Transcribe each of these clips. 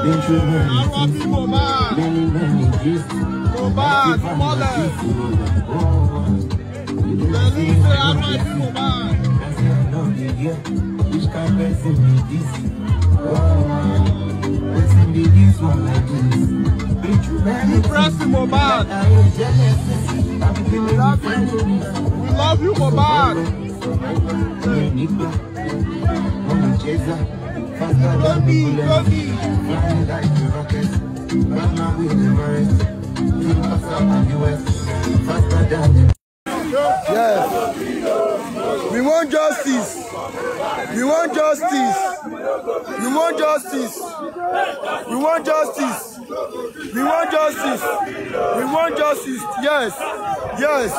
Lójú You press the Mohbad. We We love you Mohbad we Yes. We want justice. We want justice. We want justice. We want justice. We want justice. We want justice. Yes. Yes.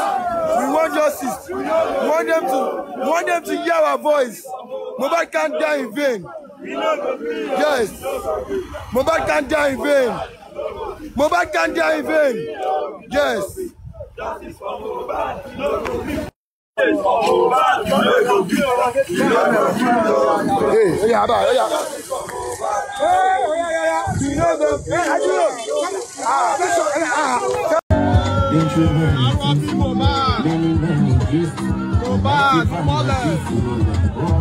We want justice. We want them to want them to hear our voice. Nobody can die in vain. Yes. Mohbad can't die in vain. Mohbad can't die in vain. Yes. Justice for Mohbad. No go be. Justice for Mohbad. No go be. Hey, oya, aba, oya. Hey, oya, oya, oya. You know the. Hey, I do know. Ah, this one. Ah. Introverted. Mohbad. Mohbad, mother.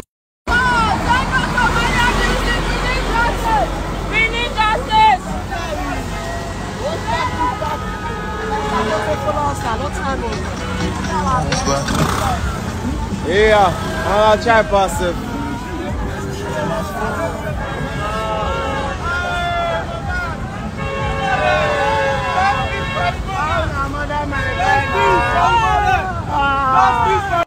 İyi, a, ce ai pasă? Let's